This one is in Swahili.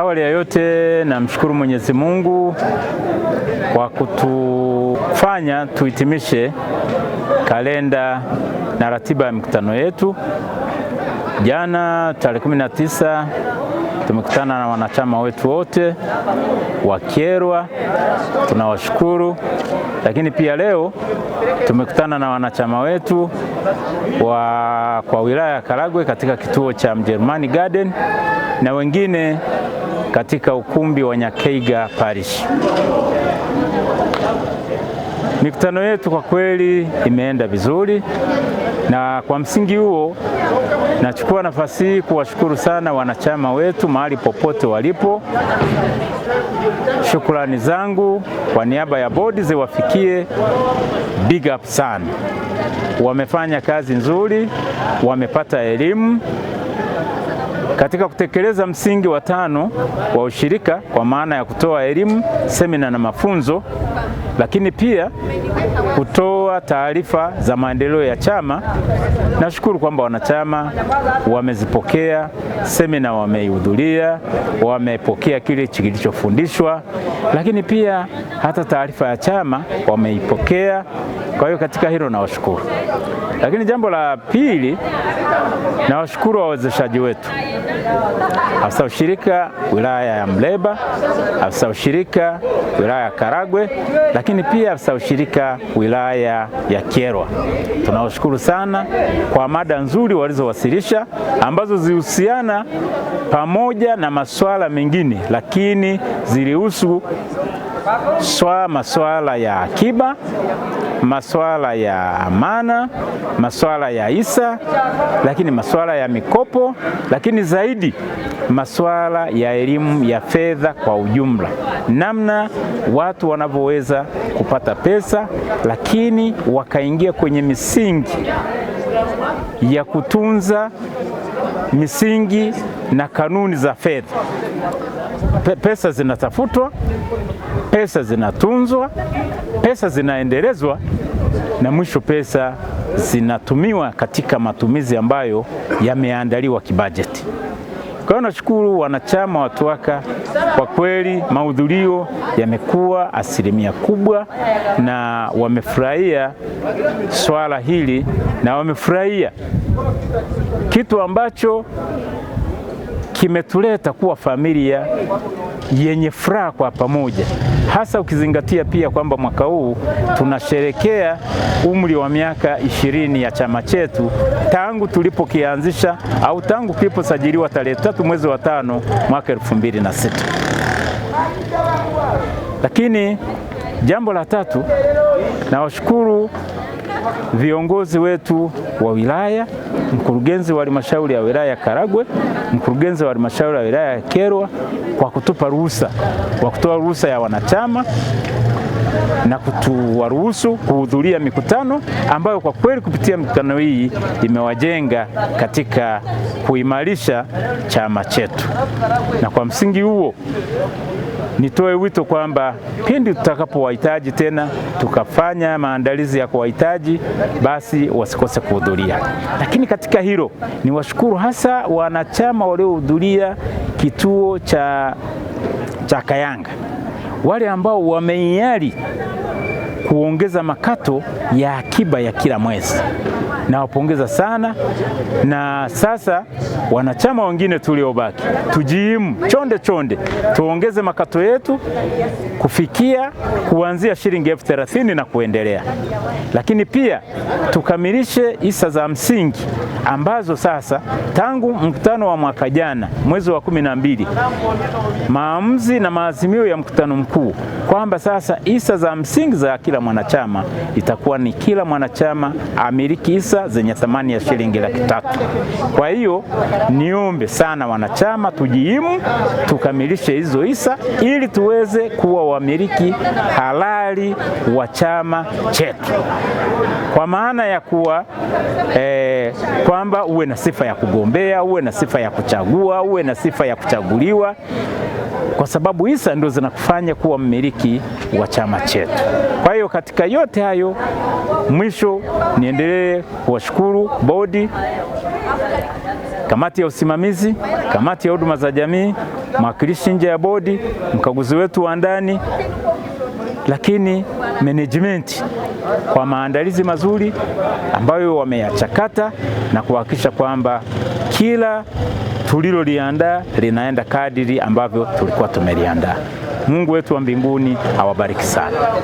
Awali ya yote namshukuru Mwenyezi Mungu kwa kutufanya tuhitimishe kalenda na ratiba ya mikutano yetu. Jana tarehe 19 tumekutana na wanachama wetu wote wa Kyerwa, tunawashukuru. Lakini pia leo tumekutana na wanachama wetu wa kwa wilaya ya Karagwe katika kituo cha Mjerumani Garden na wengine katika ukumbi wa Nyakeiga Parish. Mikutano yetu kwa kweli imeenda vizuri, na kwa msingi huo nachukua nafasi hii kuwashukuru sana wanachama wetu mahali popote walipo. Shukrani zangu kwa niaba ya bodi ziwafikie, big up sana. Wamefanya kazi nzuri, wamepata elimu katika kutekeleza msingi wa tano wa ushirika kwa maana ya kutoa elimu, semina na mafunzo, lakini pia kutoa taarifa za maendeleo ya chama. Nashukuru kwamba wanachama wamezipokea semina, wameihudhuria, wamepokea kile kilichofundishwa, lakini pia hata taarifa ya chama wameipokea. Kwa hiyo katika hilo nawashukuru, lakini jambo la pili nawashukuru wawezeshaji wetu afisa ushirika wilaya ya Mleba, afisa ushirika wilaya ya Karagwe, lakini pia afisa ushirika wilaya ya Kyerwa. Tunawashukuru sana kwa mada nzuri walizowasilisha ambazo zilihusiana pamoja na masuala mengine, lakini zilihusu swa masuala ya akiba, masuala ya amana, masuala ya hisa, lakini masuala ya mikopo, lakini zaidi masuala ya elimu ya fedha kwa ujumla, namna watu wanavyoweza kupata pesa, lakini wakaingia kwenye misingi ya kutunza misingi na kanuni za fedha pe pesa zinatafutwa, pesa zinatunzwa, pesa zinaendelezwa na mwisho pesa zinatumiwa katika matumizi ambayo yameandaliwa kibajeti. Kwa hiyo nashukuru wanachama wa TUWAKA kwa kweli, mahudhurio yamekuwa asilimia kubwa na wamefurahia swala hili na wamefurahia kitu ambacho kimetuleta kuwa familia yenye furaha kwa pamoja, hasa ukizingatia pia kwamba mwaka huu tunasherekea umri wa miaka ishirini ya chama chetu tangu tulipokianzisha au tangu kiliposajiliwa tarehe tatu mwezi wa tano mwaka elfu mbili na sita. Lakini jambo la tatu, nawashukuru viongozi wetu wa wilaya, mkurugenzi wa halmashauri ya wilaya ya Karagwe, mkurugenzi wa halmashauri ya wilaya ya Kyerwa kwa kutupa ruhusa, kwa kutoa ruhusa ya wanachama na kutuwaruhusu kuhudhuria mikutano ambayo kwa kweli kupitia mikutano hii imewajenga katika kuimarisha chama chetu, na kwa msingi huo nitoe wito kwamba pindi tutakapowahitaji tena tukafanya maandalizi ya kuwahitaji, basi wasikose kuhudhuria. Lakini katika hilo ni washukuru hasa wanachama waliohudhuria kituo cha, cha Kayanga, wale ambao wameiari kuongeza makato ya akiba ya kila mwezi. Nawapongeza sana, na sasa wanachama wengine tuliobaki tujiimu chonde chonde, tuongeze makato yetu kufikia kuanzia shilingi elfu thelathini na kuendelea, lakini pia tukamilishe hisa za msingi ambazo sasa tangu mkutano wa mwaka jana mwezi wa kumi na mbili maamuzi na maazimio ya mkutano mkuu kwamba sasa hisa za msingi za kila kila mwanachama itakuwa ni kila mwanachama amiliki hisa zenye thamani ya shilingi laki tatu. Kwa hiyo niombe sana wanachama tujiimu, tukamilishe hizo hisa ili tuweze kuwa wamiliki halali wa chama chetu, kwa maana ya kuwa eh, kwamba uwe na sifa ya kugombea, uwe na sifa ya kuchagua, uwe na sifa ya kuchaguliwa kwa sababu hisa ndio zinakufanya kuwa mmiliki wa chama chetu. Kwa hiyo katika yote hayo, mwisho niendelee kuwashukuru bodi, kamati ya usimamizi, kamati ya huduma za jamii, mwakilishi nje ya bodi, mkaguzi wetu wa ndani, lakini management kwa maandalizi mazuri ambayo wameyachakata na kuhakikisha kwamba kila tuliloliandaa linaenda kadiri ambavyo tulikuwa tumeliandaa. Mungu wetu wa mbinguni awabariki sana.